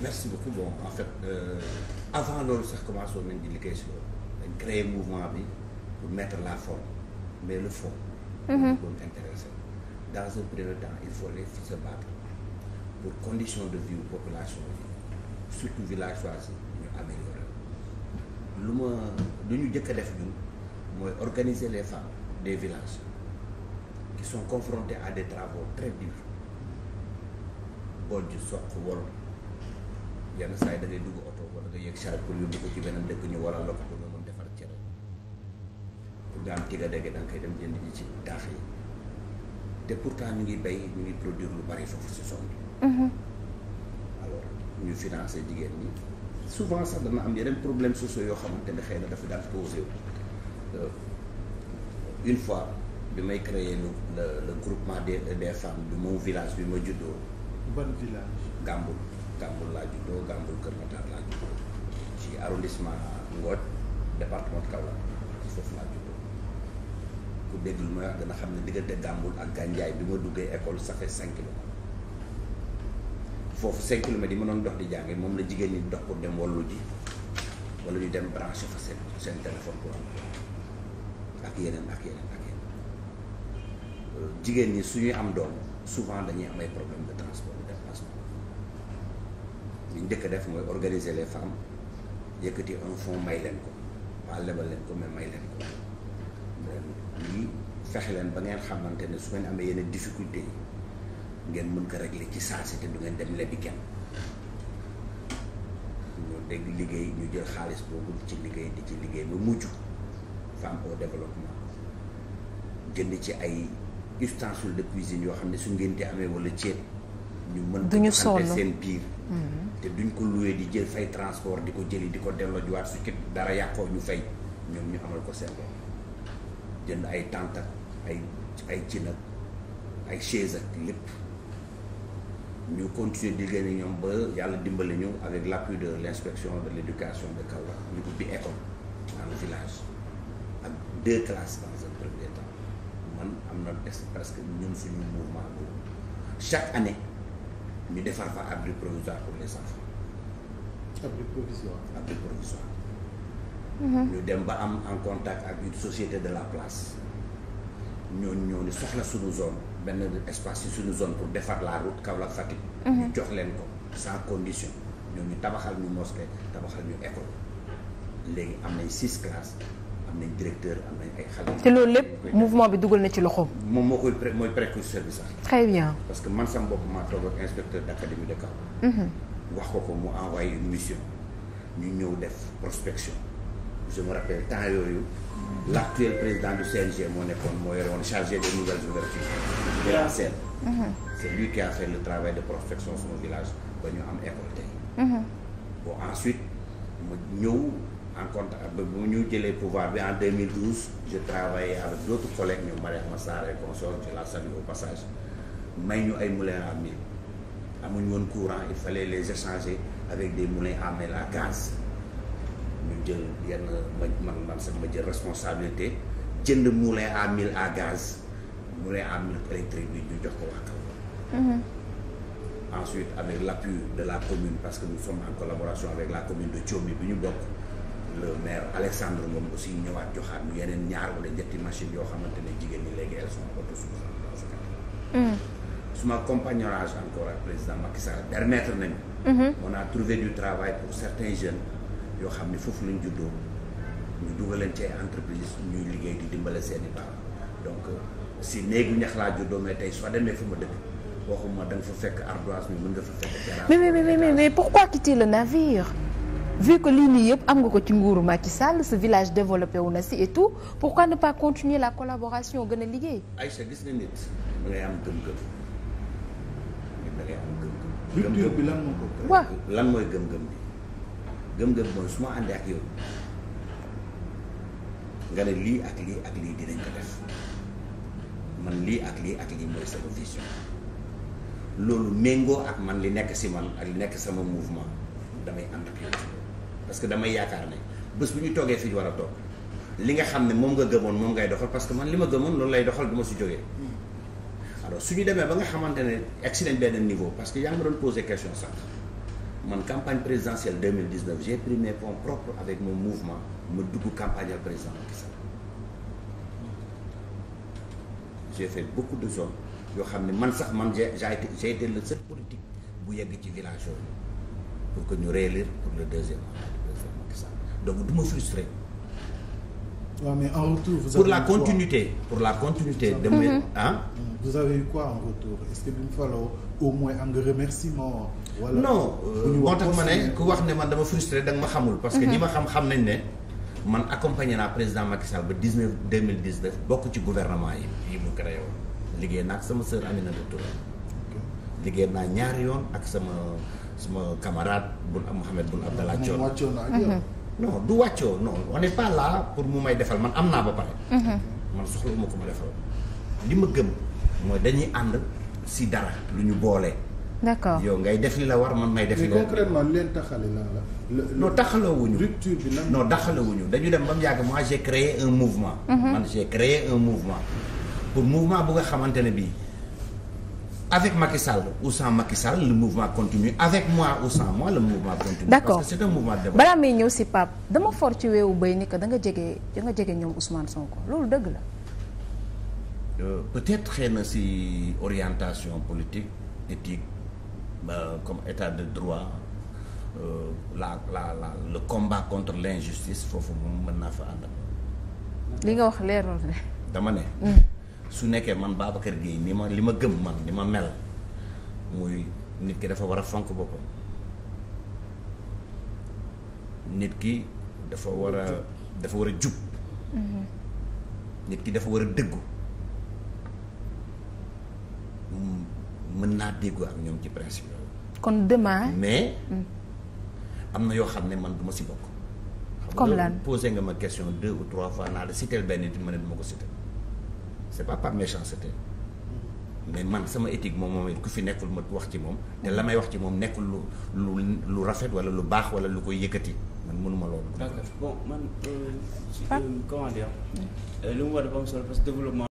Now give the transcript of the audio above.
merci beaucoup bon en fait euh, avant loolu sax commencé nañ di liggéey si loolu dañ créé mouvement bi pour mettre la forme mais le fond. Mm-hmm. moom doon intéressé dans un premier temps il faut les se battre pour condition de vie population yi surtout villageois yi ñu améliorer lu ma lu ñu jëkk def ñun mooy organiser les femmes des villages qui sont confrontées à des travaux très durs bojj soq wol yenn saa yi da ngay dugg oto wala nga yëg charge pour yóbbu ko ci beneen dëkk ñu waral la ko pour nga mën defar cere pour nga am tiga dégg da nga koy dem jënd ji ci taax yi te pourtant ñu ngi bay ñu ngi produire lu bari foofu si zone bi mhm. alors ñu financer jigéen ñi souvent sax dana am yeneen problème sociaux yoo xamante ne xëy na dafa daan posé euh, une fois bi may créer le groupement des des femmes de mon village bi ma juddoo. ban village. Gàmbul. Gàmbul laa juddoo Gàmbul Kër Matar laa juddoo ci arrondissement Ngoth département Kaolack foofu laa juddoo ku dégg lu may wax dana xam ne diggante Gàmbul ak Gànjaay bi ma duggee école ça fait cinq kilomètres foofu cinq kilomètres yi ma doon dox di jànge moom la jigéen ñi dox pour dem wallu ji wala ñu dem branché fa seen seen téléphone pour ak yeneen ak yeneen euh, jigéen ñi su ñuy am doom souvent dañuy am ay problème de transport de déplacement li ñu njëkk a def mooy organiser les femmes yëkkati un fonds may leen ko waa lebal leen ko mais may leen ko lii fexe leen ba ngeen xamante ne su ngeen amee yeneen difficulté yi ngeen mën ko régler ci saasi te du ngeen dem lebi kenn ñu dégg liggéey ñu jël xaalis boobu ci liggéey di ci liggéey ba mujj femme au développement jënd ci ay ustensiles de cuisine yoo xam ne su ngeen amee wala ceeb. ñu mën duñu sonn seen biir mm-hmm. te duñ ko loué di jël fay transport di ko jëli di ko delloo juwaat su dara yàqoo ñu fay ñoom ñu amal ko seen bopp jënd ay tente ak ay ay cin ak ay chaise ak lépp ñu continuer liggéey ni ñoom ba yàlla dimbali ñu avec l' appui de l' de l' éducation de Kaolack ñu ubbi école dans le village ak deux classes man am na des presque ñun suñu mouvement boobu chaque année ñu defar fa abri provisoire pour les enfants. abri provisoire. abri provisoire. Mhm. ñu dem ba am en contact ak société de la place ñooñu ñoo ni soxla suñu zone benn espace ci suñu zone pour defar la route Kaolack Fatick. Mhm. ñu jox leen ko sans condition ñooñu tabaxal ñu mosquée tabaxal ñu école léegi am nañ six classes. am nañ directeur am nañ ay xale. te loolu lépp mouvement bi dugal na ci loxoom. moom moo koy mooy précurseur bi sax. que man sama bopp maa toog mhm. ko ko mu envoyé une mission ñu ñëw def prospection je me rappelle temps yooyu. Mhm. l' actuel président du CNG moo nekkoon moo yore woon chargé des nouvelles ouvertures de la Seine. c' est lui a fait le travail de prospection sunu village ba ñu am école tey. Mhm. bon ensuite mu ñëw. en compte bu ñu jëlee pouvoir bi en 2012 je travaillais avec d' autres collègues ñoom Mariama Sarr consort je la salue au passage may ñu ay moulins à mil amuñu woon courant il fallait les échanger avec des moulins à mil à gaz ñu jël yenn man man sax ma jël responsabilité jënd à mil à gaz moulin à mil électrique bi ñu jox ko waa mm-hmm. ensuite avec l' appui de la commune parce que nous sommes en collaboration avec la commune de Thiomi bi ñu bokk le maire Alexandre Ngom aussi ñëwaat joxaat ñu yeneen ñaar wala ñetti machine yoo xamante ne jigéen ñi léegi elles suma compagnonnage encore ak président Macky Sall permettre nañu. Mhm. on a trouvé du travail pour certains jeunes yoo xam ne foofu lañ juddoo ñu dugaleen ci entreprise ñuy liggéey di dimbale seen i parents donc si néegu ñax laa juddoo mais tey soo demee fu ma dëkk waxuma da nga fa fekk ardoise mais mën nga fa fekk. mais mais mais pourquoi vu que lii nii yëpp am nga ko ci nguuru Macky Sall sa village développé wu na si et tout pourquoi ne pas continuer la collaboration gën a liggéey. Aïcha gis nga nit da lan mooy gëm-gëm bi gëm-gëm lii ak lii ak lii dinañ ko def man lii ak lii ak lii mooy sama vision loolu méngoo ak man li nekk si man ak li nekk sama mouvement damay ànd ak yow. parce que damay yaakaar ne bés bu ñu toogee fi ñu war a toog li nga xam ne moom nga gëmoon moom ngay doxal parce que man li ma gëmoon loolu lay doxal du ma si jógee. alors su ñu demee ba nga xamante ne excellent benn niveau parce que yaa ngi ma doon posé question sax man campagne présidentielle 2019 j'ai pris mes fonds propres avec mon mouvement ma dugg campagne al président Macky Sall j'ai fait beaucoup de zone yoo xam ne man sax man j'ai j'ai été le seul politique bu yegg ci village yooyu ñu réélire pour le deuxième donc du ma frustré. waaw mais en retour. vous pour la continuité pour la continuité. damay ah. Mm-hmm. vous avez eu quoi en retour au moins am nga remerciement. wala non euh, moo tax ma ne ku wax ne man dama frustré da nga ma xamul. parce que ni mm-hmm. ma xam xam nañ ne. man accompagné naa président Macky Sall ba dix neuf deux mille dix neuf bokk ci gouvernement yi yi mu créé woon liggéey naa ak sama sœur Aminata Touré. liggéey naa ñaari yoon ak sama sama camarade Boun Mohamed Boun Abdallah Dionne. non du wàccoo no on est pour mu may defal man am naa ba pare. Mhm. man soxla uma ko ma defal li ma gëm mooy dañuy ànd si dara lu ñu boole. d'accord yow ngay def li la war man may def li la concrètement leen taxale lan la. non taxalawuñu rupture bi lan non taxalawuñu dañu dem ba mu yàgg moi j'ai créé un mouvement. Mhm. man j'ai créé un mouvement pour mouvement bu nga xamante ne bii. avec Macky au ou sans Macky Sall mouvement continue avec moi ou sans moi le mouvement continue. d'accord parce que c'est un mouvement de débat. balaa may ñëw si Pape dama for ci weewu béy ni que nga jege da nga jege ñoom Ousmane Sonko loolu dëgg la. Euh, peut-être xëy na si orientation politique éthique euh, comme état de droit euh, la la la le combat contre foofu moom mën naa fa ànd. li nga wax leerul ne. dama ne. Mm. su nekkee man kër Gueye ni ma li ma gëm man ni ma mel muy nit ki dafa war a fonk boppam nit ki dafa war a dafa war a jub mm-hmm. nit ki dafa war a dëggu mën naa déggu ak ñoom ci principe yooyu kon demain mais mm. am na yoo xam ne man du ma si bokk comme lan posé nga ma question deux ou trois fois naa la cité benn nit ma ne ko cité c'est pas par méchanceté mais man sama étique moom moom ku fi nekkul ma wax ci moom te la may wax ci moom nekkul lu lu lu rafet wala lu baax wala lu koy yëkkati man mënuma loolu. d'accord man. Euh, euh, comment dire. lu mu war a am solo parce que développement.